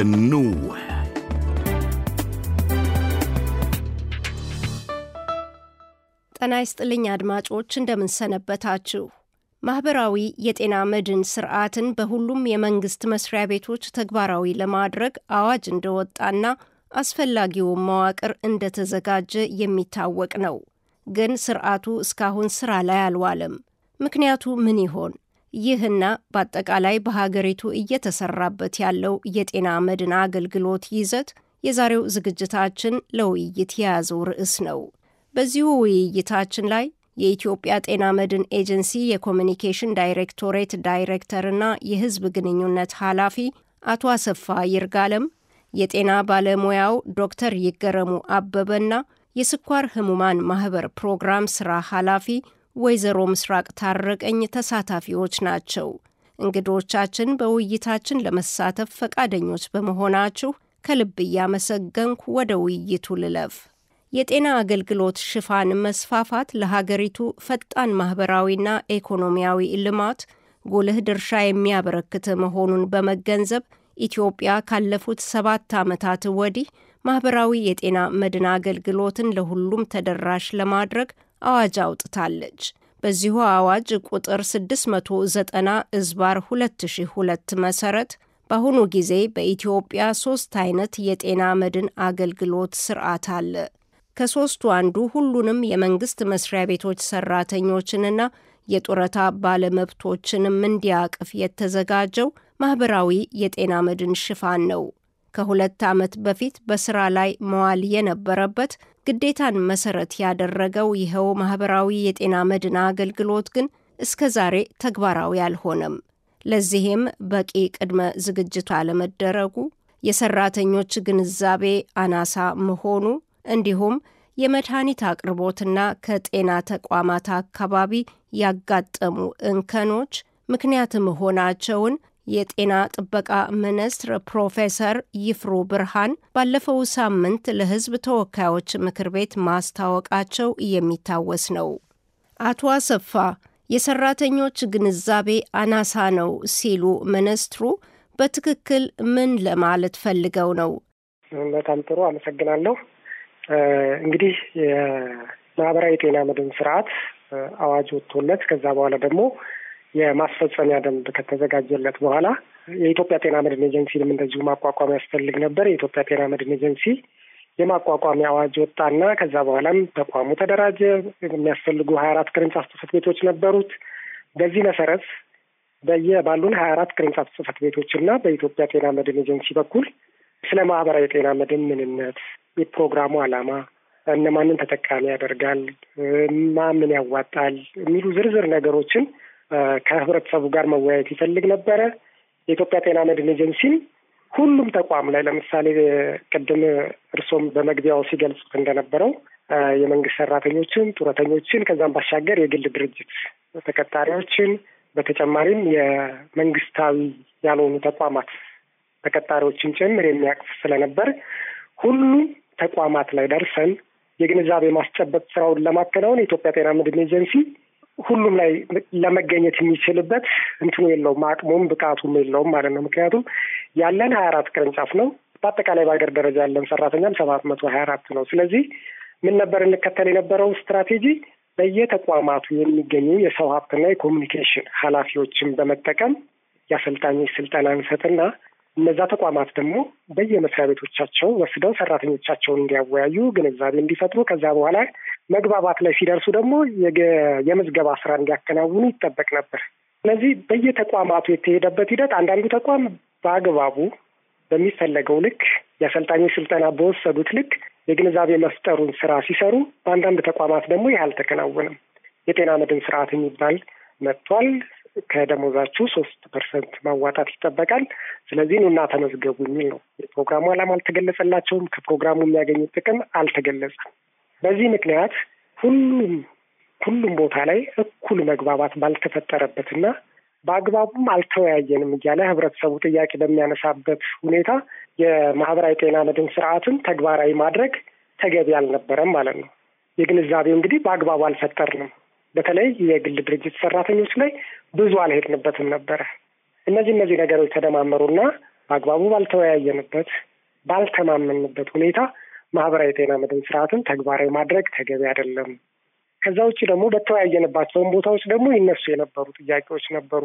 እንወያይ። ጤና ይስጥልኝ አድማጮች፣ እንደምንሰነበታችሁ። ማኅበራዊ የጤና መድን ስርዓትን በሁሉም የመንግሥት መስሪያ ቤቶች ተግባራዊ ለማድረግ አዋጅ እንደወጣና አስፈላጊውን መዋቅር እንደተዘጋጀ የሚታወቅ ነው። ግን ስርዓቱ እስካሁን ስራ ላይ አልዋለም። ምክንያቱ ምን ይሆን? ይህና በአጠቃላይ በሀገሪቱ እየተሰራበት ያለው የጤና መድን አገልግሎት ይዘት የዛሬው ዝግጅታችን ለውይይት የያዘው ርዕስ ነው። በዚሁ ውይይታችን ላይ የኢትዮጵያ ጤና መድን ኤጀንሲ የኮሚኒኬሽን ዳይሬክቶሬት ዳይሬክተርና የሕዝብ ግንኙነት ኃላፊ አቶ አሰፋ ይርጋለም፣ የጤና ባለሙያው ዶክተር ይገረሙ አበበና የስኳር ህሙማን ማህበር ፕሮግራም ስራ ኃላፊ ወይዘሮ ምስራቅ ታረቀኝ ተሳታፊዎች ናቸው። እንግዶቻችን በውይይታችን ለመሳተፍ ፈቃደኞች በመሆናችሁ ከልብ እያመሰገንኩ ወደ ውይይቱ ልለፍ። የጤና አገልግሎት ሽፋን መስፋፋት ለሀገሪቱ ፈጣን ማኅበራዊና ኢኮኖሚያዊ ልማት ጉልህ ድርሻ የሚያበረክት መሆኑን በመገንዘብ ኢትዮጵያ ካለፉት ሰባት ዓመታት ወዲህ ማኅበራዊ የጤና መድን አገልግሎትን ለሁሉም ተደራሽ ለማድረግ አዋጅ አውጥታለች። በዚሁ አዋጅ ቁጥር 690 እዝባር 2002 መሰረት በአሁኑ ጊዜ በኢትዮጵያ ሶስት አይነት የጤና መድን አገልግሎት ስርዓት አለ። ከሶስቱ አንዱ ሁሉንም የመንግስት መስሪያ ቤቶች ሰራተኞችንና የጡረታ ባለመብቶችንም እንዲያቅፍ የተዘጋጀው ማህበራዊ የጤና መድን ሽፋን ነው። ከሁለት ዓመት በፊት በስራ ላይ መዋል የነበረበት ግዴታን መሰረት ያደረገው ይኸው ማህበራዊ የጤና መድና አገልግሎት ግን እስከ ዛሬ ተግባራዊ አልሆነም። ለዚህም በቂ ቅድመ ዝግጅቱ አለመደረጉ፣ የሰራተኞች ግንዛቤ አናሳ መሆኑ እንዲሁም የመድኃኒት አቅርቦትና ከጤና ተቋማት አካባቢ ያጋጠሙ እንከኖች ምክንያት መሆናቸውን የጤና ጥበቃ ሚኒስትር ፕሮፌሰር ይፍሩ ብርሃን ባለፈው ሳምንት ለሕዝብ ተወካዮች ምክር ቤት ማስታወቃቸው የሚታወስ ነው። አቶ አሰፋ የሰራተኞች ግንዛቤ አናሳ ነው ሲሉ ሚኒስትሩ በትክክል ምን ለማለት ፈልገው ነው? በጣም ጥሩ አመሰግናለሁ። እንግዲህ የማህበራዊ ጤና መድን ስርዓት አዋጅ ወጥቶለት ከዛ በኋላ ደግሞ የማስፈጸሚያ ደንብ ከተዘጋጀለት በኋላ የኢትዮጵያ ጤና መድን ኤጀንሲንም እንደዚሁ ማቋቋም ያስፈልግ ነበር። የኢትዮጵያ ጤና መድን ኤጀንሲ የማቋቋሚያ አዋጅ ወጣና ከዛ በኋላም ተቋሙ ተደራጀ። የሚያስፈልጉ ሀያ አራት ቅርንጫፍ ጽህፈት ቤቶች ነበሩት። በዚህ መሰረት በየባሉን ሀያ አራት ቅርንጫፍ ጽህፈት ቤቶችና በኢትዮጵያ ጤና መድን ኤጀንሲ በኩል ስለ ማህበራዊ ጤና መድን ምንነት፣ የፕሮግራሙ ዓላማ፣ እነማንን ተጠቃሚ ያደርጋል፣ ማምን ያዋጣል የሚሉ ዝርዝር ነገሮችን ከህብረተሰቡ ጋር መወያየት ይፈልግ ነበረ። የኢትዮጵያ ጤና መድን ኤጀንሲም ሁሉም ተቋም ላይ ለምሳሌ ቅድም እርሶም በመግቢያው ሲገልጹት እንደነበረው የመንግስት ሰራተኞችን፣ ጡረተኞችን ከዛም ባሻገር የግል ድርጅት ተቀጣሪዎችን በተጨማሪም የመንግስታዊ ያልሆኑ ተቋማት ተቀጣሪዎችን ጭምር የሚያቅፍ ስለነበር ሁሉም ተቋማት ላይ ደርሰን የግንዛቤ ማስጨበጥ ስራውን ለማከናወን የኢትዮጵያ ጤና መድን ኤጀንሲ ሁሉም ላይ ለመገኘት የሚችልበት እንትኑ የለውም፣ አቅሙም ብቃቱም የለውም ማለት ነው። ምክንያቱም ያለን ሀያ አራት ቅርንጫፍ ነው። በአጠቃላይ በሀገር ደረጃ ያለን ሰራተኛም ሰባት መቶ ሀያ አራት ነው። ስለዚህ ምን ነበር እንከተል የነበረው ስትራቴጂ በየተቋማቱ የሚገኙ የሰው ሀብትና የኮሚኒኬሽን ኃላፊዎችን በመጠቀም የአሰልጣኞች ስልጠና እንሰጥና እነዛ ተቋማት ደግሞ በየመስሪያ ቤቶቻቸው ወስደው ሰራተኞቻቸውን እንዲያወያዩ ግንዛቤ እንዲፈጥሩ ከዛ በኋላ መግባባት ላይ ሲደርሱ ደግሞ የምዝገባ ስራ እንዲያከናውኑ ይጠበቅ ነበር። ስለዚህ በየተቋማቱ የተሄደበት ሂደት አንዳንዱ ተቋም በአግባቡ በሚፈለገው ልክ የአሰልጣኞች ስልጠና በወሰዱት ልክ የግንዛቤ መፍጠሩን ስራ ሲሰሩ፣ በአንዳንድ ተቋማት ደግሞ ይህ አልተከናወነም። የጤና መድን ስርዓት የሚባል መጥቷል። ከደሞዛችሁ ሶስት ፐርሰንት ማዋጣት ይጠበቃል። ስለዚህ ኑና ተመዝገቡ የሚል ነው። የፕሮግራሙ ዓላማ አልተገለጸላቸውም። ከፕሮግራሙ የሚያገኙት ጥቅም አልተገለጸም። በዚህ ምክንያት ሁሉም ሁሉም ቦታ ላይ እኩል መግባባት ባልተፈጠረበትና በአግባቡም አልተወያየንም እያለ ህብረተሰቡ ጥያቄ በሚያነሳበት ሁኔታ የማህበራዊ ጤና መድን ስርዓትን ተግባራዊ ማድረግ ተገቢ አልነበረም ማለት ነው። የግንዛቤው እንግዲህ በአግባቡ አልፈጠርንም። በተለይ የግል ድርጅት ሰራተኞች ላይ ብዙ አልሄድንበትም ነበረ። እነዚህ እነዚህ ነገሮች ተደማመሩና በአግባቡ ባልተወያየንበት፣ ባልተማመንበት ሁኔታ ማህበራዊ ጤና መድን ስርዓትን ተግባራዊ ማድረግ ተገቢ አይደለም። ከዛ ውጭ ደግሞ በተወያየንባቸውን ቦታዎች ደግሞ ይነሱ የነበሩ ጥያቄዎች ነበሩ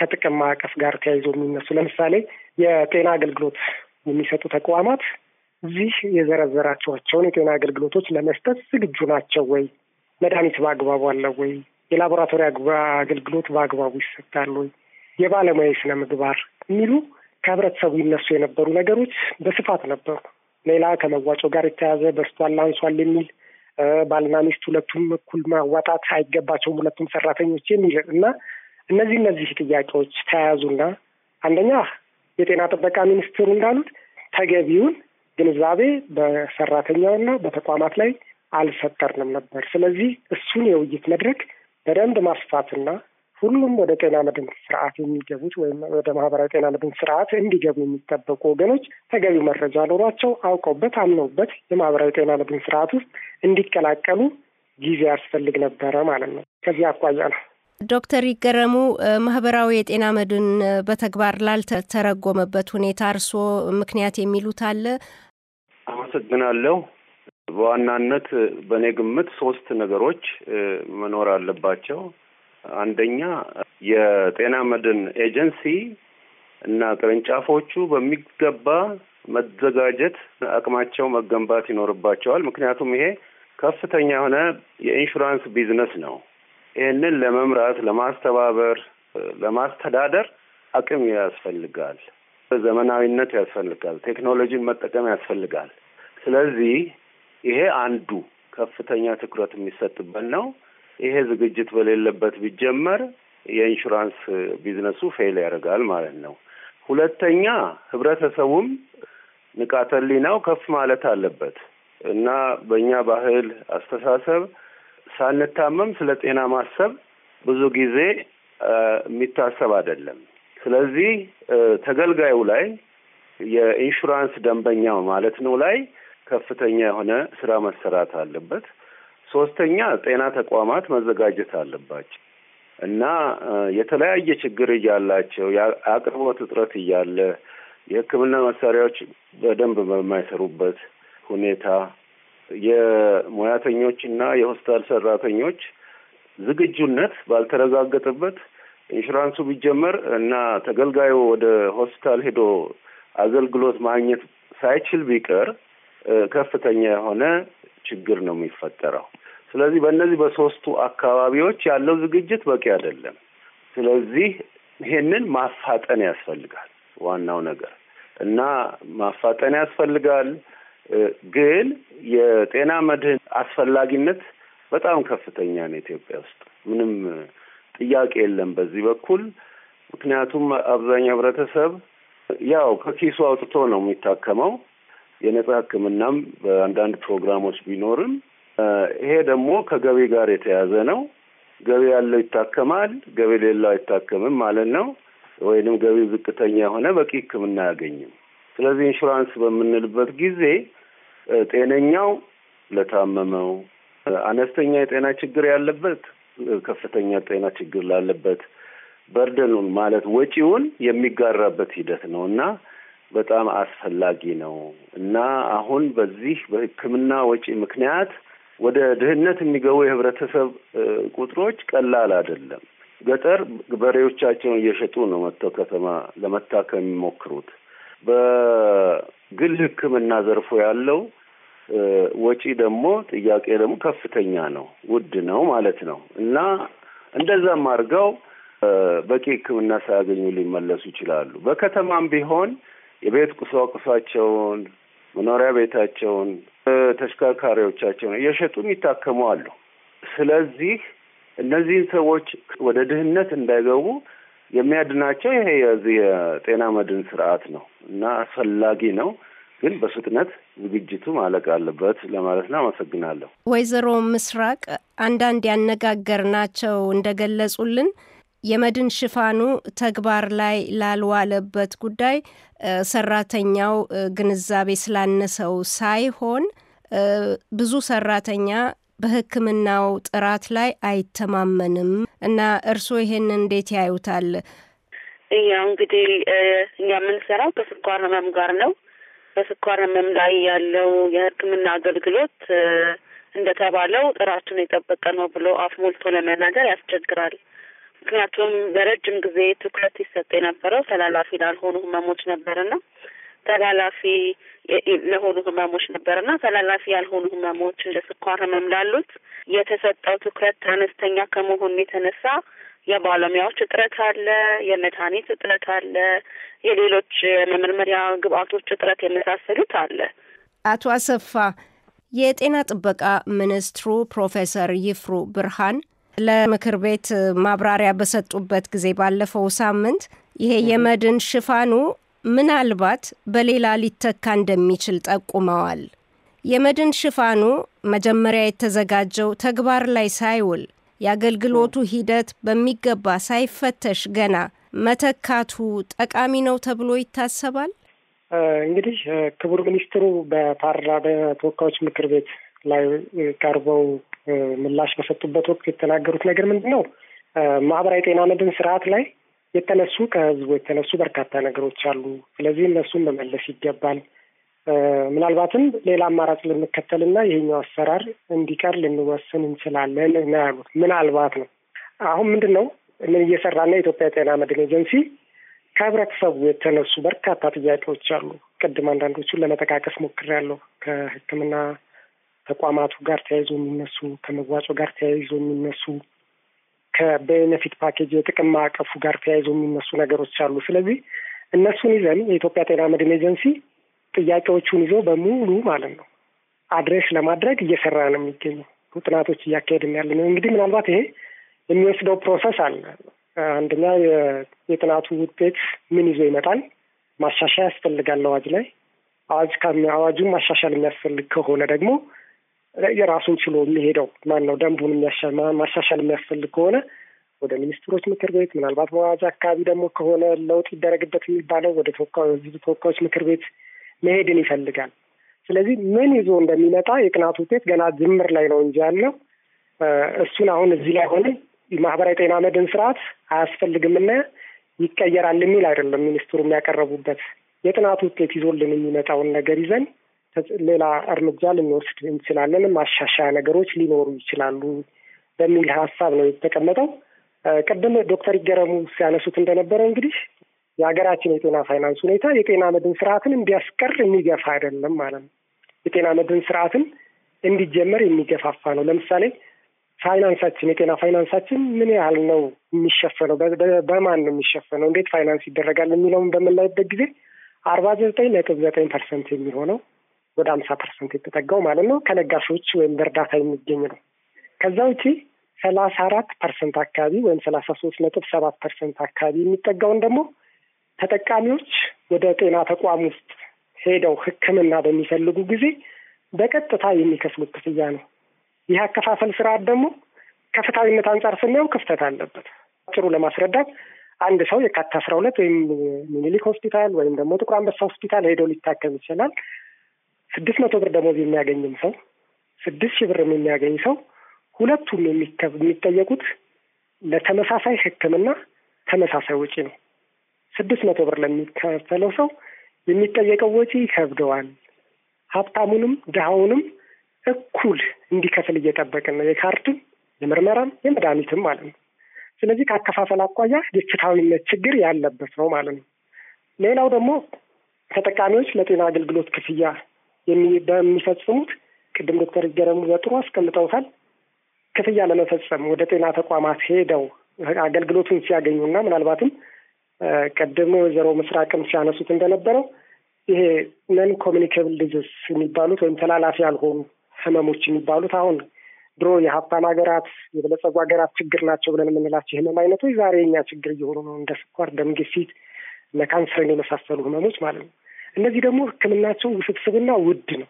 ከጥቅም ማዕቀፍ ጋር ተያይዞ የሚነሱ ለምሳሌ የጤና አገልግሎት የሚሰጡ ተቋማት እዚህ የዘረዘራቸዋቸውን የጤና አገልግሎቶች ለመስጠት ዝግጁ ናቸው ወይ? መድኃኒት በአግባቡ አለ ወይ? የላቦራቶሪ አገልግሎት በአግባቡ ይሰጣል ወይ? የባለሙያ ስነ ምግባር የሚሉ ከህብረተሰቡ ይነሱ የነበሩ ነገሮች በስፋት ነበሩ። ሌላ ከመዋጮ ጋር የተያዘ በርቷል፣ አንሷል የሚል ባልና ሚስት ሁለቱም እኩል ማዋጣት አይገባቸውም ሁለቱም ሰራተኞች የሚል እና እነዚህ እነዚህ ጥያቄዎች ተያያዙና አንደኛ የጤና ጥበቃ ሚኒስትሩ እንዳሉት ተገቢውን ግንዛቤ በሰራተኛውና በተቋማት ላይ አልፈጠርንም ነበር። ስለዚህ እሱን የውይይት መድረክ በደንብ ማስፋትና ሁሉም ወደ ጤና መድን ስርዓት የሚገቡት ወይም ወደ ማህበራዊ ጤና መድን ስርዓት እንዲገቡ የሚጠበቁ ወገኖች ተገቢ መረጃ ኖሯቸው አውቀውበት አምነውበት የማህበራዊ ጤና መድን ስርዓት ውስጥ እንዲቀላቀሉ ጊዜ ያስፈልግ ነበረ ማለት ነው። ከዚህ አኳያ ነው ዶክተር ይገረሙ ማህበራዊ የጤና መድን በተግባር ላልተተረጎመበት ሁኔታ እርስዎ ምክንያት የሚሉት አለ? አመሰግናለሁ። በዋናነት በእኔ ግምት ሶስት ነገሮች መኖር አለባቸው። አንደኛ የጤና መድን ኤጀንሲ እና ቅርንጫፎቹ በሚገባ መዘጋጀት፣ አቅማቸው መገንባት ይኖርባቸዋል። ምክንያቱም ይሄ ከፍተኛ የሆነ የኢንሹራንስ ቢዝነስ ነው። ይህንን ለመምራት፣ ለማስተባበር፣ ለማስተዳደር አቅም ያስፈልጋል። ዘመናዊነት ያስፈልጋል። ቴክኖሎጂን መጠቀም ያስፈልጋል። ስለዚህ ይሄ አንዱ ከፍተኛ ትኩረት የሚሰጥበት ነው። ይሄ ዝግጅት በሌለበት ቢጀመር የኢንሹራንስ ቢዝነሱ ፌል ያደርጋል ማለት ነው። ሁለተኛ ህብረተሰቡም ንቃተ ህሊናው ከፍ ማለት አለበት እና በእኛ ባህል አስተሳሰብ ሳንታመም ስለ ጤና ማሰብ ብዙ ጊዜ የሚታሰብ አይደለም። ስለዚህ ተገልጋዩ ላይ የኢንሹራንስ ደንበኛው ማለት ነው ላይ ከፍተኛ የሆነ ስራ መሰራት አለበት። ሶስተኛ ጤና ተቋማት መዘጋጀት አለባቸው እና የተለያየ ችግር እያላቸው የአቅርቦት እጥረት እያለ የሕክምና መሳሪያዎች በደንብ በማይሰሩበት ሁኔታ የሙያተኞች እና የሆስፒታል ሰራተኞች ዝግጁነት ባልተረጋገጠበት ኢንሹራንሱ ቢጀመር እና ተገልጋዩ ወደ ሆስፒታል ሄዶ አገልግሎት ማግኘት ሳይችል ቢቀር ከፍተኛ የሆነ ችግር ነው የሚፈጠረው። ስለዚህ በእነዚህ በሶስቱ አካባቢዎች ያለው ዝግጅት በቂ አይደለም። ስለዚህ ይሄንን ማፋጠን ያስፈልጋል። ዋናው ነገር እና ማፋጠን ያስፈልጋል። ግን የጤና መድህን አስፈላጊነት በጣም ከፍተኛ ነው ኢትዮጵያ ውስጥ ምንም ጥያቄ የለም በዚህ በኩል። ምክንያቱም አብዛኛው ህብረተሰብ ያው ከኪሱ አውጥቶ ነው የሚታከመው። የነጻ ህክምናም በአንዳንድ ፕሮግራሞች ቢኖርም ይሄ ደግሞ ከገቢ ጋር የተያዘ ነው። ገቢ ያለው ይታከማል፣ ገቢ ሌላው አይታከምም ማለት ነው። ወይንም ገቢ ዝቅተኛ የሆነ በቂ ህክምና አያገኝም። ስለዚህ ኢንሹራንስ በምንልበት ጊዜ ጤነኛው ለታመመው፣ አነስተኛ የጤና ችግር ያለበት ከፍተኛ ጤና ችግር ላለበት በርደኑን ማለት ወጪውን የሚጋራበት ሂደት ነው እና በጣም አስፈላጊ ነው እና አሁን በዚህ በሕክምና ወጪ ምክንያት ወደ ድህነት የሚገቡ የህብረተሰብ ቁጥሮች ቀላል አይደለም። ገጠር በሬዎቻቸውን እየሸጡ ነው መጥተው ከተማ ለመታከም የሚሞክሩት። በግል ሕክምና ዘርፎ ያለው ወጪ ደግሞ ጥያቄ ደግሞ ከፍተኛ ነው፣ ውድ ነው ማለት ነው እና እንደዛም አድርገው በቂ ሕክምና ሳያገኙ ሊመለሱ ይችላሉ። በከተማም ቢሆን የቤት ቁሳቁሳቸውን፣ መኖሪያ ቤታቸውን፣ ተሽከርካሪዎቻቸውን እየሸጡ ይታከሙ አሉ። ስለዚህ እነዚህን ሰዎች ወደ ድህነት እንዳይገቡ የሚያድናቸው ይሄ የዚህ የጤና መድን ስርዓት ነው እና አስፈላጊ ነው ግን በፍጥነት ዝግጅቱ ማለቅ አለበት ለማለት ነው። አመሰግናለሁ። ወይዘሮ ምስራቅ አንዳንድ ያነጋገር ናቸው እንደገለጹልን የመድን ሽፋኑ ተግባር ላይ ላልዋለበት ጉዳይ ሰራተኛው ግንዛቤ ስላነሰው ሳይሆን ብዙ ሰራተኛ በሕክምናው ጥራት ላይ አይተማመንም እና እርስዎ ይሄን እንዴት ያዩታል? ያው እንግዲህ እኛ የምንሰራው ከስኳር ህመም ጋር ነው። በስኳር ህመም ላይ ያለው የሕክምና አገልግሎት እንደተባለው ጥራቱን የጠበቀ ነው ብሎ አፍ ሞልቶ ለመናገር ያስቸግራል። ምክንያቱም በረጅም ጊዜ ትኩረት ይሰጥ የነበረው ተላላፊ ላልሆኑ ህመሞች ነበርና ተላላፊ ለሆኑ ህመሞች ነበርና ተላላፊ ያልሆኑ ህመሞች እንደ ስኳር ህመም ላሉት የተሰጠው ትኩረት አነስተኛ ከመሆኑ የተነሳ የባለሙያዎች እጥረት አለ፣ የመድኃኒት እጥረት አለ፣ የሌሎች የመመርመሪያ ግብአቶች እጥረት የመሳሰሉት አለ። አቶ አሰፋ የጤና ጥበቃ ሚኒስትሩ ፕሮፌሰር ይፍሩ ብርሃን ለምክር ቤት ማብራሪያ በሰጡበት ጊዜ ባለፈው ሳምንት ይሄ የመድን ሽፋኑ ምናልባት በሌላ ሊተካ እንደሚችል ጠቁመዋል። የመድን ሽፋኑ መጀመሪያ የተዘጋጀው ተግባር ላይ ሳይውል የአገልግሎቱ ሂደት በሚገባ ሳይፈተሽ ገና መተካቱ ጠቃሚ ነው ተብሎ ይታሰባል። እንግዲህ ክቡር ሚኒስትሩ በፓርላማ ተወካዮች ምክር ቤት ላይ ቀርበው ምላሽ በሰጡበት ወቅት የተናገሩት ነገር ምንድን ነው? ማህበራዊ ጤና መድን ስርዓት ላይ የተነሱ ከህዝቡ የተነሱ በርካታ ነገሮች አሉ። ስለዚህ እነሱን መመለስ ይገባል። ምናልባትም ሌላ አማራጭ ልንከተልና ይሄኛው አሰራር እንዲቀር ልንወስን እንችላለን ነው ያሉት። ምናልባት ነው አሁን ምንድን ነው ምን እየሰራና የኢትዮጵያ ጤና መድን ኤጀንሲ ከህብረተሰቡ የተነሱ በርካታ ጥያቄዎች አሉ። ቅድም አንዳንዶቹን ለመጠቃቀስ ሞክሬያለሁ። ከህክምና ተቋማቱ ጋር ተያይዞ የሚነሱ ከመዋጮ ጋር ተያይዞ የሚነሱ ከቤኔፊት ፓኬጅ የጥቅም ማዕቀፉ ጋር ተያይዞ የሚነሱ ነገሮች አሉ። ስለዚህ እነሱን ይዘን የኢትዮጵያ ጤና መድን ኤጀንሲ ጥያቄዎቹን ይዞ በሙሉ ማለት ነው አድሬስ ለማድረግ እየሰራ ነው የሚገኘው። ጥናቶች እያካሄድን ያለ ነው። እንግዲህ ምናልባት ይሄ የሚወስደው ፕሮሰስ አለ። አንደኛ የጥናቱ ውጤት ምን ይዞ ይመጣል? ማሻሻያ ያስፈልጋል አዋጅ ላይ አዋጅ አዋጁን ማሻሻል የሚያስፈልግ ከሆነ ደግሞ የራሱን ችሎ የሚሄደው ማን ነው ደንቡን ማሻሻል የሚያስፈልግ ከሆነ ወደ ሚኒስትሮች ምክር ቤት ምናልባት በአዋጅ አካባቢ ደግሞ ከሆነ ለውጥ ይደረግበት የሚባለው ወደ ህዝብ ተወካዮች ምክር ቤት መሄድን ይፈልጋል። ስለዚህ ምን ይዞ እንደሚመጣ የጥናት ውጤት ገና ዝምር ላይ ነው እንጂ ያለው እሱን አሁን እዚህ ላይ ሆነ የማህበራዊ ጤና መድን ስርዓት አያስፈልግምና ይቀየራል የሚል አይደለም ሚኒስትሩ የሚያቀረቡበት የጥናት ውጤት ይዞልን የሚመጣውን ነገር ይዘን ሌላ እርምጃ ልንወስድ እንችላለን፣ ማሻሻያ ነገሮች ሊኖሩ ይችላሉ በሚል ሀሳብ ነው የተቀመጠው። ቅድም ዶክተር ይገረሙ ሲያነሱት እንደነበረ እንግዲህ የሀገራችን የጤና ፋይናንስ ሁኔታ የጤና መድን ስርዓትን እንዲያስቀር የሚገፋ አይደለም ማለት ነው። የጤና መድን ስርዓትን እንዲጀመር የሚገፋፋ ነው። ለምሳሌ ፋይናንሳችን የጤና ፋይናንሳችን ምን ያህል ነው የሚሸፈነው? በማን ነው የሚሸፈነው? እንዴት ፋይናንስ ይደረጋል የሚለውን በምናይበት ጊዜ አርባ ዘጠኝ ነጥብ ዘጠኝ ፐርሰንት የሚሆነው ወደ አምሳ ፐርሰንት የተጠጋው ማለት ነው ከለጋሾች ወይም በእርዳታ የሚገኝ ነው። ከዛ ውጪ ሰላሳ አራት ፐርሰንት አካባቢ ወይም ሰላሳ ሶስት ነጥብ ሰባት ፐርሰንት አካባቢ የሚጠጋውን ደግሞ ተጠቃሚዎች ወደ ጤና ተቋም ውስጥ ሄደው ሕክምና በሚፈልጉ ጊዜ በቀጥታ የሚከፍሉት ክፍያ ነው። ይህ አከፋፈል ስርዓት ደግሞ ከፍትሐዊነት አንጻር ስናየው ክፍተት አለበት። አጭሩ ለማስረዳት አንድ ሰው የካቲት አስራ ሁለት ወይም ሚኒሊክ ሆስፒታል ወይም ደግሞ ጥቁር አንበሳ ሆስፒታል ሄዶ ሊታከም ይችላል። ስድስት መቶ ብር ደሞዝ የሚያገኝም ሰው ስድስት ሺህ ብርም የሚያገኝ ሰው ሁለቱም የሚጠየቁት ለተመሳሳይ ሕክምና ተመሳሳይ ወጪ ነው። ስድስት መቶ ብር ለሚከፈለው ሰው የሚጠየቀው ወጪ ይከብደዋል። ሀብታሙንም ድሃውንም እኩል እንዲከፍል እየጠበቅን ነው። የካርድም የምርመራም የመድኃኒትም ማለት ነው። ስለዚህ ከአከፋፈል አኳያ የፍትሐዊነት ችግር ያለበት ነው ማለት ነው። ሌላው ደግሞ ተጠቃሚዎች ለጤና አገልግሎት ክፍያ በሚፈጽሙት ቅድም ዶክተር ገረሙ በጥሩ አስቀምጠውታል። ክፍያ ለመፈጸም ወደ ጤና ተቋማት ሄደው አገልግሎቱን ሲያገኙና ምናልባትም ቀድሞ ወይዘሮ ምስራቅም ሲያነሱት እንደነበረው ይሄ ነን ኮሚኒኬብል ዲዚዝ የሚባሉት ወይም ተላላፊ ያልሆኑ ህመሞች የሚባሉት አሁን ድሮ የሀብታም ሀገራት የበለጸጉ ሀገራት ችግር ናቸው ብለን የምንላቸው የህመም አይነቶች ዛሬ የኛ ችግር እየሆኑ ነው። እንደ ስኳር፣ ደም ግፊት፣ ካንሰርን የመሳሰሉ ህመሞች ማለት ነው። እነዚህ ደግሞ ህክምናቸው ውስብስብና ውድ ነው።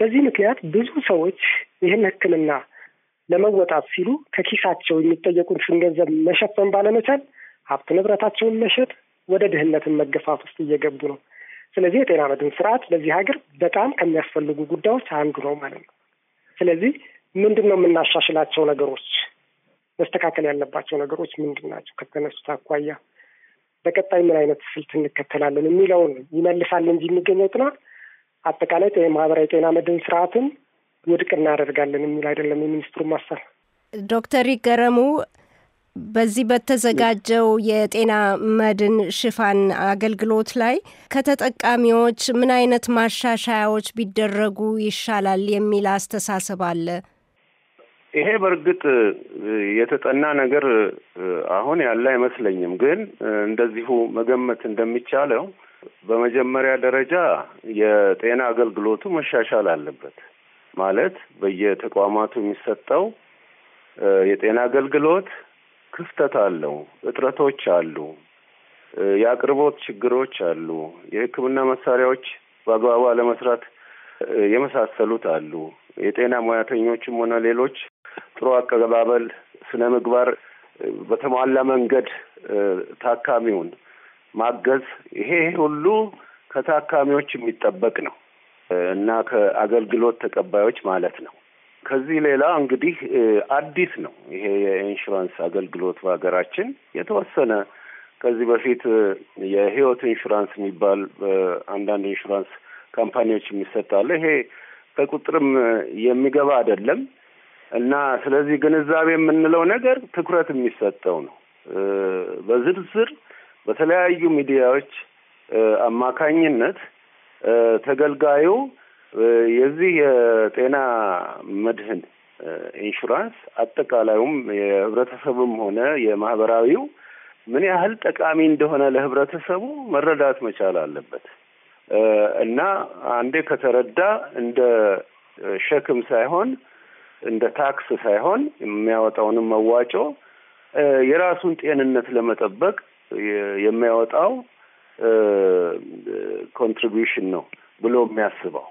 በዚህ ምክንያት ብዙ ሰዎች ይህን ህክምና ለመወጣት ሲሉ ከኪሳቸው የሚጠየቁትን ገንዘብ መሸፈን ባለመቻል ሀብት ንብረታቸውን መሸጥ ወደ ድህነትን መገፋት ውስጥ እየገቡ ነው። ስለዚህ የጤና መድን ስርዓት ለዚህ ሀገር በጣም ከሚያስፈልጉ ጉዳዮች አንዱ ነው ማለት ነው። ስለዚህ ምንድን ነው የምናሻሽላቸው ነገሮች፣ መስተካከል ያለባቸው ነገሮች ምንድን ናቸው ከተነሱት አኳያ በቀጣይ ምን አይነት ስልት እንከተላለን የሚለውን ይመልሳል እንጂ የሚገኘው ጥናት አጠቃላይ የማህበራዊ ጤና መድን ስርዓትን ውድቅ እናደርጋለን የሚል አይደለም የሚኒስትሩ ማሰር ዶክተር ይገረሙ በዚህ በተዘጋጀው የጤና መድን ሽፋን አገልግሎት ላይ ከተጠቃሚዎች ምን አይነት ማሻሻያዎች ቢደረጉ ይሻላል የሚል አስተሳሰብ አለ። ይሄ በእርግጥ የተጠና ነገር አሁን ያለ አይመስለኝም። ግን እንደዚሁ መገመት እንደሚቻለው በመጀመሪያ ደረጃ የጤና አገልግሎቱ መሻሻል አለበት። ማለት በየተቋማቱ የሚሰጠው የጤና አገልግሎት ክፍተት አለው፣ እጥረቶች አሉ፣ የአቅርቦት ችግሮች አሉ፣ የሕክምና መሳሪያዎች በአግባቡ አለመስራት የመሳሰሉት አሉ። የጤና ሙያተኞችም ሆነ ሌሎች ጥሩ አቀባበል፣ ስነ ምግባር በተሟላ መንገድ ታካሚውን ማገዝ ይሄ ሁሉ ከታካሚዎች የሚጠበቅ ነው እና ከአገልግሎት ተቀባዮች ማለት ነው። ከዚህ ሌላ እንግዲህ አዲስ ነው ይሄ የኢንሹራንስ አገልግሎት በሀገራችን የተወሰነ ከዚህ በፊት የህይወት ኢንሹራንስ የሚባል በአንዳንድ ኢንሹራንስ ካምፓኒዎች የሚሰጣለ ይሄ በቁጥርም የሚገባ አይደለም። እና ስለዚህ ግንዛቤ የምንለው ነገር ትኩረት የሚሰጠው ነው። በዝርዝር በተለያዩ ሚዲያዎች አማካኝነት ተገልጋዩ የዚህ የጤና መድህን ኢንሹራንስ አጠቃላዩም የህብረተሰቡም ሆነ የማህበራዊው ምን ያህል ጠቃሚ እንደሆነ ለህብረተሰቡ መረዳት መቻል አለበት እና አንዴ ከተረዳ እንደ ሸክም ሳይሆን እንደ ታክስ ሳይሆን የሚያወጣውንም መዋጮ የራሱን ጤንነት ለመጠበቅ የሚያወጣው ኮንትሪቢሽን ነው ብሎ የሚያስበው።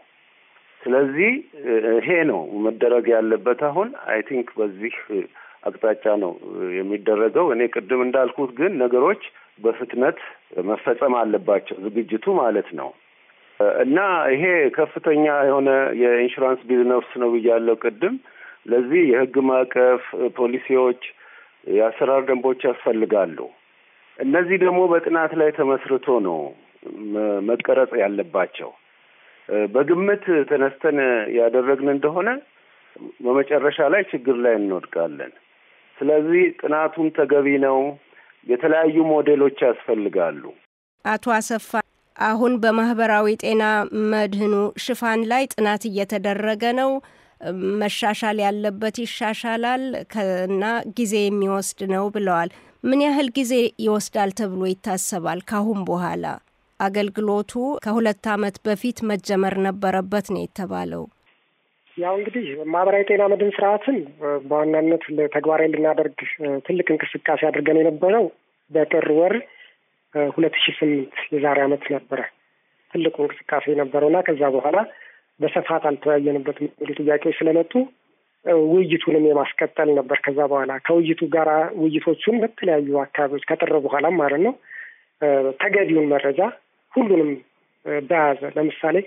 ስለዚህ ይሄ ነው መደረግ ያለበት። አሁን አይ ቲንክ በዚህ አቅጣጫ ነው የሚደረገው። እኔ ቅድም እንዳልኩት ግን ነገሮች በፍጥነት መፈጸም አለባቸው፣ ዝግጅቱ ማለት ነው። እና ይሄ ከፍተኛ የሆነ የኢንሹራንስ ቢዝነስ ነው ብያለው ቅድም። ለዚህ የህግ ማዕቀፍ፣ ፖሊሲዎች፣ የአሰራር ደንቦች ያስፈልጋሉ። እነዚህ ደግሞ በጥናት ላይ ተመስርቶ ነው መቀረጽ ያለባቸው። በግምት ተነስተን ያደረግን እንደሆነ በመጨረሻ ላይ ችግር ላይ እንወድቃለን። ስለዚህ ጥናቱም ተገቢ ነው። የተለያዩ ሞዴሎች ያስፈልጋሉ። አቶ አሰፋ አሁን በማህበራዊ ጤና መድህኑ ሽፋን ላይ ጥናት እየተደረገ ነው። መሻሻል ያለበት ይሻሻላል እና ጊዜ የሚወስድ ነው ብለዋል። ምን ያህል ጊዜ ይወስዳል ተብሎ ይታሰባል? ካሁን በኋላ አገልግሎቱ ከሁለት ዓመት በፊት መጀመር ነበረበት ነው የተባለው። ያው እንግዲህ ማህበራዊ ጤና መድን ስርዓትን በዋናነት ተግባራዊ ልናደርግ ትልቅ እንቅስቃሴ አድርገን የነበረው በጥር ወር ሁለት ሺ ስምንት የዛሬ ዓመት ነበረ ትልቁ እንቅስቃሴ ነበረውና ከዛ በኋላ በስፋት አልተወያየንበት የሚሉ ጥያቄዎች ስለመጡ ውይይቱንም የማስቀጠል ነበር። ከዛ በኋላ ከውይይቱ ጋር ውይይቶቹን በተለያዩ አካባቢዎች ከጥር በኋላም ማለት ነው ተገቢውን መረጃ ሁሉንም በያዘ ለምሳሌ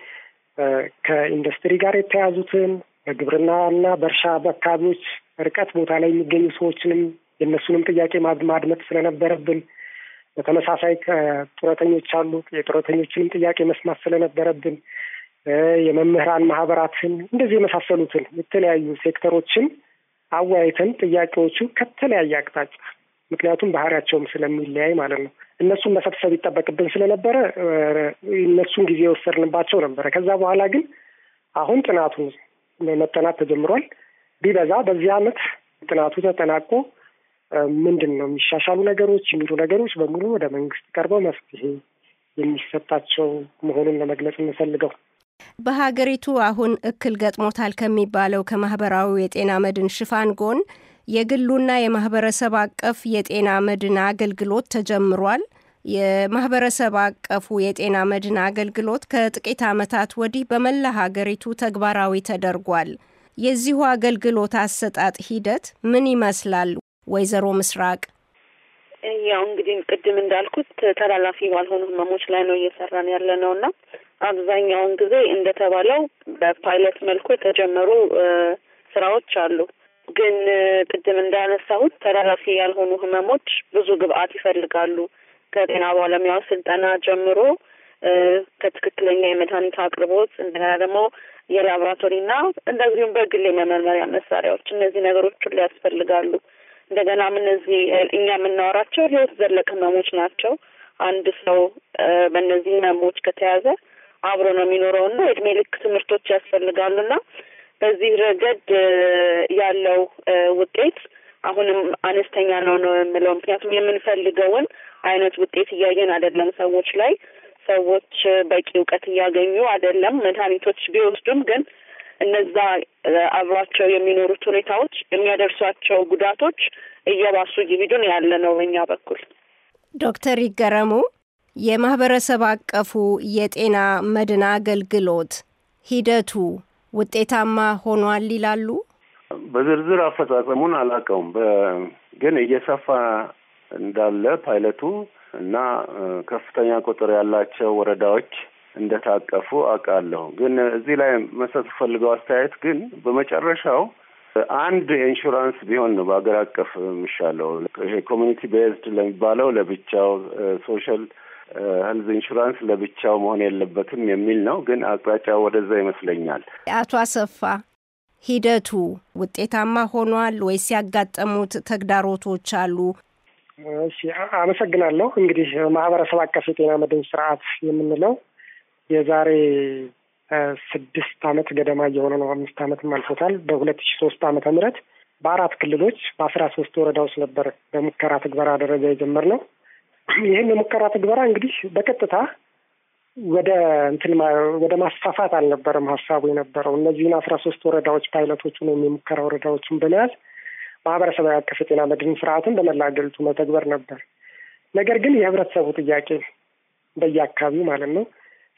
ከኢንዱስትሪ ጋር የተያዙትን በግብርናና በእርሻ አካባቢዎች ርቀት ቦታ ላይ የሚገኙ ሰዎችንም የእነሱንም ጥያቄ ማድመጥ ስለነበረብን በተመሳሳይ ጡረተኞች አሉ የጡረተኞችንም ጥያቄ መስማት ስለነበረብን የመምህራን ማህበራትን እንደዚህ የመሳሰሉትን የተለያዩ ሴክተሮችን አወያይተን ጥያቄዎቹ ከተለያየ አቅጣጫ ምክንያቱም ባህሪያቸውም ስለሚለያይ ማለት ነው እነሱን መሰብሰብ ይጠበቅብን ስለነበረ እነሱን ጊዜ የወሰድንባቸው ነበረ። ከዛ በኋላ ግን አሁን ጥናቱ መጠናት ተጀምሯል። ቢበዛ በዚህ አመት ጥናቱ ተጠናቆ ምንድን ነው የሚሻሻሉ ነገሮች የሚሉ ነገሮች በሙሉ ወደ መንግስት ቀርበው መፍትሄ የሚሰጣቸው መሆኑን ለመግለጽ እንፈልገው። በሀገሪቱ አሁን እክል ገጥሞታል ከሚባለው ከማህበራዊ የጤና መድን ሽፋን ጎን የግሉና የማህበረሰብ አቀፍ የጤና መድን አገልግሎት ተጀምሯል። የማህበረሰብ አቀፉ የጤና መድን አገልግሎት ከጥቂት ዓመታት ወዲህ በመላ ሀገሪቱ ተግባራዊ ተደርጓል። የዚሁ አገልግሎት አሰጣጥ ሂደት ምን ይመስላል? ወይዘሮ ምስራቅ ያው እንግዲህ ቅድም እንዳልኩት ተላላፊ ባልሆኑ ህመሞች ላይ ነው እየሰራን ያለ ነው እና አብዛኛውን ጊዜ እንደተባለው በፓይለት መልኩ የተጀመሩ ስራዎች አሉ። ግን ቅድም እንዳነሳሁት ተላላፊ ያልሆኑ ህመሞች ብዙ ግብአት ይፈልጋሉ። ከጤና ባለሙያው ስልጠና ጀምሮ ከትክክለኛ የመድኃኒት አቅርቦት እንደገና ደግሞ የላቦራቶሪና እንደዚሁም በግል የመመርመሪያ መሳሪያዎች እነዚህ ነገሮች ሁሉ ያስፈልጋሉ። እንደገናም እነዚህ እኛ የምናወራቸው ህይወት ዘለቅ ህመሞች ናቸው። አንድ ሰው በእነዚህ ህመሞች ከተያዘ አብሮ ነው የሚኖረው እና የእድሜ ልክ ትምህርቶች ያስፈልጋሉና በዚህ ረገድ ያለው ውጤት አሁንም አነስተኛ ነው ነው የምለው። ምክንያቱም የምንፈልገውን አይነት ውጤት እያየን አይደለም ሰዎች ላይ ሰዎች በቂ እውቀት እያገኙ አይደለም። መድኃኒቶች ቢወስዱም ግን እነዛ አብሯቸው የሚኖሩት ሁኔታዎች የሚያደርሷቸው ጉዳቶች እየባሱ እየሄዱ ያለ ነው በእኛ በኩል። ዶክተር ይገረሙ የማህበረሰብ አቀፉ የጤና መድን አገልግሎት ሂደቱ ውጤታማ ሆኗል ይላሉ? በዝርዝር አፈጻጸሙን አላውቀውም፣ ግን እየሰፋ እንዳለ ፓይለቱ እና ከፍተኛ ቁጥር ያላቸው ወረዳዎች እንደታቀፉ አውቃለሁ። ግን እዚህ ላይ መሰት ፈልገው አስተያየት ግን በመጨረሻው አንድ ኢንሹራንስ ቢሆን ነው በሀገር አቀፍ የሚሻለው። ይሄ ኮሚኒቲ ቤዝድ ለሚባለው ለብቻው ሶሻል ሄልዝ ኢንሹራንስ ለብቻው መሆን የለበትም የሚል ነው። ግን አቅጣጫ ወደዛ ይመስለኛል። አቶ አሰፋ ሂደቱ ውጤታማ ሆኗል ወይስ ያጋጠሙት ተግዳሮቶች አሉ? እሺ አመሰግናለሁ። እንግዲህ ማህበረሰብ አቀፍ የጤና መድን ስርዓት የምንለው የዛሬ ስድስት አመት ገደማ እየሆነ ነው። አምስት አመትም አልፎታል። በሁለት ሺ ሶስት አመተ ምህረት በአራት ክልሎች በአስራ ሶስት ወረዳዎች ነበር በሙከራ ትግበራ ደረጃ የጀመርነው። ይህን የሙከራ ትግበራ እንግዲህ በቀጥታ ወደ እንትን ወደ ማስፋፋት አልነበረም ሀሳቡ የነበረው። እነዚህን አስራ ሶስት ወረዳዎች ፓይለቶቹን ወይም የሙከራ ወረዳዎችን በመያዝ ማህበረሰባዊ አቀፍ የጤና መድን ስርዓትን በመላ አገሪቱ መተግበር ነበር። ነገር ግን የህብረተሰቡ ጥያቄ በየአካባቢው ማለት ነው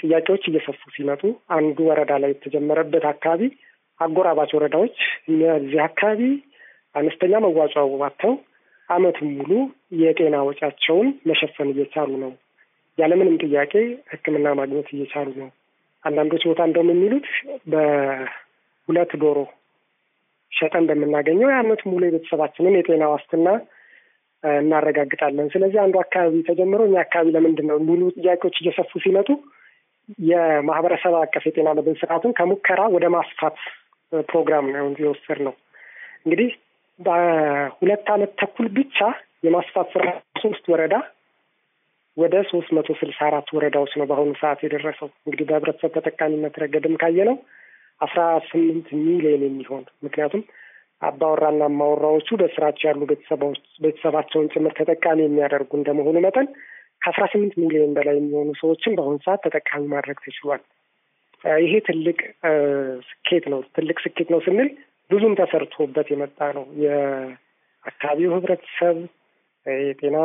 ጥያቄዎች እየሰፉ ሲመጡ አንዱ ወረዳ ላይ የተጀመረበት አካባቢ አጎራባች ወረዳዎች እዚህ አካባቢ አነስተኛ መዋጮ አዋጥተው አመት ሙሉ የጤና ወጪያቸውን መሸፈን እየቻሉ ነው። ያለምንም ጥያቄ ሕክምና ማግኘት እየቻሉ ነው። አንዳንዶች ቦታ እንደውም የሚሉት በሁለት ዶሮ ሸጠን እንደምናገኘው የአመቱ ሙሉ የቤተሰባችንን የጤና ዋስትና እናረጋግጣለን። ስለዚህ አንዱ አካባቢ ተጀምሮ እኛ አካባቢ ለምንድን ነው የሚሉ ጥያቄዎች እየሰፉ ሲመጡ የማህበረሰብ አቀፍ የጤና መድን ስርዓቱን ከሙከራ ወደ ማስፋት ፕሮግራም ነው ነው። እንግዲህ በሁለት አመት ተኩል ብቻ የማስፋት ስራ ሶስት ወረዳ ወደ ሶስት መቶ ስልሳ አራት ወረዳዎች ነው በአሁኑ ሰዓት የደረሰው። እንግዲህ በህብረተሰብ ተጠቃሚነት ረገድም ካየ ነው አስራ ስምንት ሚሊዮን የሚሆን ምክንያቱም አባወራና ማወራዎቹ በስራቸው ያሉ ቤተሰባቸውን ጭምር ተጠቃሚ የሚያደርጉ እንደመሆኑ መጠን ከአስራ ስምንት ሚሊዮን በላይ የሚሆኑ ሰዎችን በአሁኑ ሰዓት ተጠቃሚ ማድረግ ተችሏል። ይሄ ትልቅ ስኬት ነው። ትልቅ ስኬት ነው ስንል ብዙም ተሰርቶበት የመጣ ነው። የአካባቢው ህብረተሰብ፣ የጤና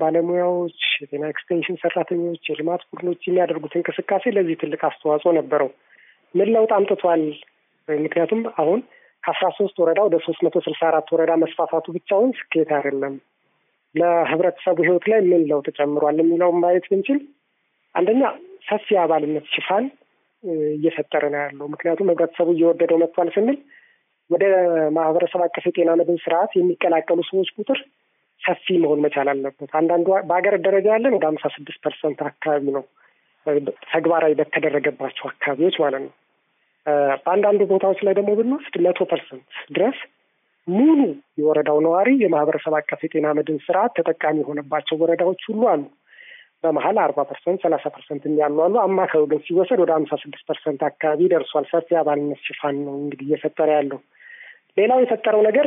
ባለሙያዎች፣ የጤና ኤክስቴንሽን ሰራተኞች፣ የልማት ቡድኖች የሚያደርጉት እንቅስቃሴ ለዚህ ትልቅ አስተዋጽኦ ነበረው። ምን ለውጥ አምጥቷል? ምክንያቱም አሁን ከአስራ ሶስት ወረዳ ወደ ሶስት መቶ ስልሳ አራት ወረዳ መስፋፋቱ ብቻውን ስኬት አይደለም። ለህብረተሰቡ ህይወት ላይ ምን ለውጥ ጨምሯል የሚለውን ማየት ብንችል አንደኛ ሰፊ አባልነት ሽፋን እየፈጠረ ነው ያለው። ምክንያቱም ህብረተሰቡ እየወደደው መጥቷል ስንል ወደ ማህበረሰብ አቀፍ የጤና መድን ስርዓት የሚቀላቀሉ ሰዎች ቁጥር ሰፊ መሆን መቻል አለበት። አንዳንዱ በሀገር ደረጃ ያለን ወደ ሀምሳ ስድስት ፐርሰንት አካባቢ ነው ተግባራዊ በተደረገባቸው አካባቢዎች ማለት ነው። በአንዳንዱ ቦታዎች ላይ ደግሞ ብንወስድ መቶ ፐርሰንት ድረስ ሙሉ የወረዳው ነዋሪ የማህበረሰብ አቀፍ የጤና መድን ስርዓት ተጠቃሚ የሆነባቸው ወረዳዎች ሁሉ አሉ። በመሀል አርባ ፐርሰንት ሰላሳ ፐርሰንት እንዲያሉ አሉ። አማካዩ ግን ሲወሰድ ወደ አምሳ ስድስት ፐርሰንት አካባቢ ደርሷል። ሰፊ አባልነት ሽፋን ነው እንግዲህ እየፈጠረ ያለው። ሌላው የፈጠረው ነገር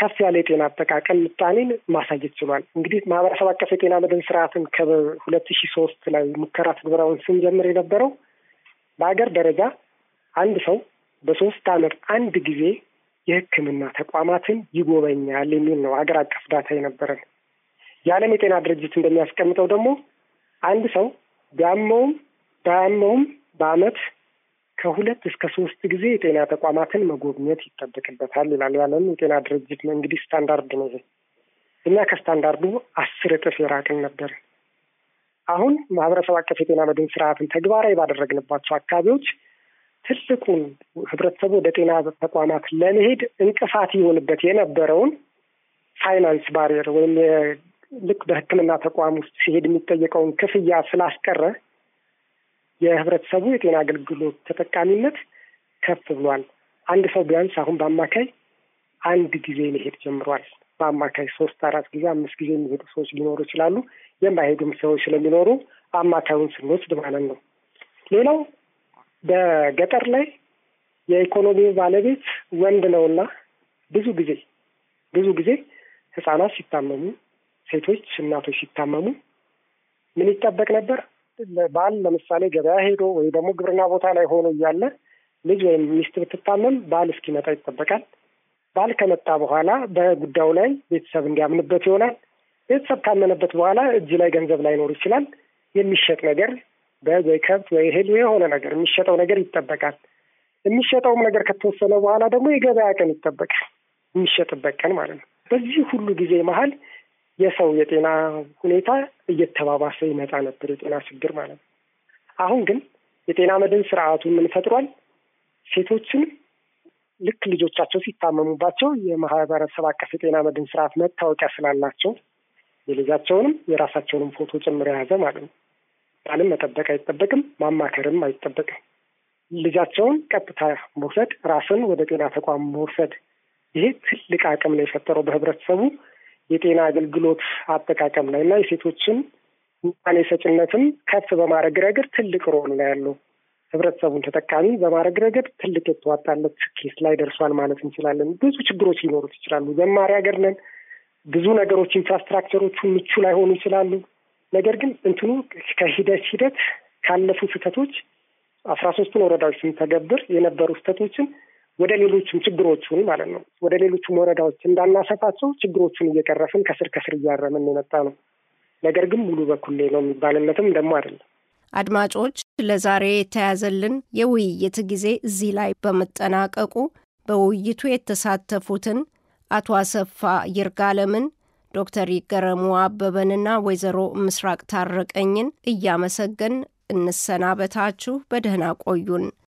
ከፍ ያለ የጤና አጠቃቀም ምጣኔን ማሳየት ችሏል። እንግዲህ ማህበረሰብ አቀፍ የጤና መድን ስርዓትን ከሁለት ሺ ሶስት ላይ ሙከራ ትግበራውን ስንጀምር የነበረው በሀገር ደረጃ አንድ ሰው በሶስት አመት አንድ ጊዜ የሕክምና ተቋማትን ይጎበኛል የሚል ነው ሀገር አቀፍ ዳታ የነበረን። የዓለም የጤና ድርጅት እንደሚያስቀምጠው ደግሞ አንድ ሰው ቢያመውም ባያመውም በአመት ከሁለት እስከ ሶስት ጊዜ የጤና ተቋማትን መጎብኘት ይጠበቅበታል ይላል። ያለም የጤና ድርጅት ነው እንግዲህ ስታንዳርድ ነው። እኛ ከስታንዳርዱ አስር እጥፍ የራቅን ነበር። አሁን ማህበረሰብ አቀፍ የጤና መድን ስርዓትን ተግባራዊ ባደረግንባቸው አካባቢዎች ትልቁን ህብረተሰቡ ወደ ጤና ተቋማት ለመሄድ እንቅፋት ይሆንበት የነበረውን ፋይናንስ ባሪየር ወይም ልክ በሕክምና ተቋም ውስጥ ሲሄድ የሚጠየቀውን ክፍያ ስላስቀረ የህብረተሰቡ የጤና አገልግሎት ተጠቃሚነት ከፍ ብሏል። አንድ ሰው ቢያንስ አሁን በአማካይ አንድ ጊዜ መሄድ ጀምሯል። በአማካይ ሶስት አራት ጊዜ አምስት ጊዜ የሚሄዱ ሰዎች ሊኖሩ ይችላሉ። የማይሄዱም ሰዎች ስለሚኖሩ አማካዩን ስንወስድ ማለት ነው። ሌላው በገጠር ላይ የኢኮኖሚ ባለቤት ወንድ ነውና ብዙ ጊዜ ብዙ ጊዜ ህጻናት ሲታመሙ ሴቶች እናቶች ሲታመሙ ምን ይጠበቅ ነበር? ባል ለምሳሌ ገበያ ሄዶ ወይ ደግሞ ግብርና ቦታ ላይ ሆኖ እያለ ልጅ ወይም ሚስት ብትታመም ባል እስኪመጣ ይጠበቃል። ባል ከመጣ በኋላ በጉዳዩ ላይ ቤተሰብ እንዲያምንበት ይሆናል። ቤተሰብ ካመነበት በኋላ እጅ ላይ ገንዘብ ላይኖር ይችላል። የሚሸጥ ነገር በግ ወይ ከብት ወይ እህል የሆነ ነገር የሚሸጠው ነገር ይጠበቃል። የሚሸጠውም ነገር ከተወሰነ በኋላ ደግሞ የገበያ ቀን ይጠበቃል። የሚሸጥበት ቀን ማለት ነው። በዚህ ሁሉ ጊዜ መሀል የሰው የጤና ሁኔታ እየተባባሰ ይመጣ ነበር፣ የጤና ችግር ማለት ነው። አሁን ግን የጤና መድን ስርዓቱ ምን ፈጥሯል? ሴቶችን ልክ ልጆቻቸው ሲታመሙባቸው የማህበረሰብ አቀፍ የጤና መድን ስርዓት መታወቂያ ስላላቸው የልጃቸውንም የራሳቸውንም ፎቶ ጭምር የያዘ ማለት ነው። ቃልም መጠበቅ አይጠበቅም፣ ማማከርም አይጠበቅም። ልጃቸውን ቀጥታ መውሰድ፣ ራስን ወደ ጤና ተቋም መውሰድ፣ ይሄ ትልቅ አቅም ነው የፈጠረው በህብረተሰቡ የጤና አገልግሎት አጠቃቀም ላይ እና የሴቶችን ውሳኔ ሰጭነትም ከፍ በማድረግ ረገድ ትልቅ ሮል ላይ ያለው። ህብረተሰቡን ተጠቃሚ በማድረግ ረገድ ትልቅ የተዋጣለት ስኬት ላይ ደርሷል ማለት እንችላለን። ብዙ ችግሮች ሊኖሩት ይችላሉ። ዘማሪ ሀገር ነን። ብዙ ነገሮች ኢንፍራስትራክቸሮቹ ምቹ ላይሆኑ ይችላሉ። ነገር ግን እንትኑ ከሂደት ሂደት ካለፉ ስህተቶች አስራ ሶስቱን ወረዳዎች ስንተገብር የነበሩ ስህተቶችን ወደ ሌሎችም ችግሮቹን ማለት ነው ወደ ሌሎቹም ወረዳዎች እንዳናሰፋቸው ችግሮቹን እየቀረፍን ከስር ከስር እያረምን የመጣ ነው። ነገር ግን ሙሉ በኩሌ ነው የሚባልነትም ደግሞ አይደለም። አድማጮች፣ ለዛሬ የተያዘልን የውይይት ጊዜ እዚህ ላይ በመጠናቀቁ በውይይቱ የተሳተፉትን አቶ አሰፋ ይርጋለምን፣ ዶክተር ይገረሙ አበበንና ወይዘሮ ምስራቅ ታረቀኝን እያመሰገን እንሰናበታችሁ። በደህና ቆዩን።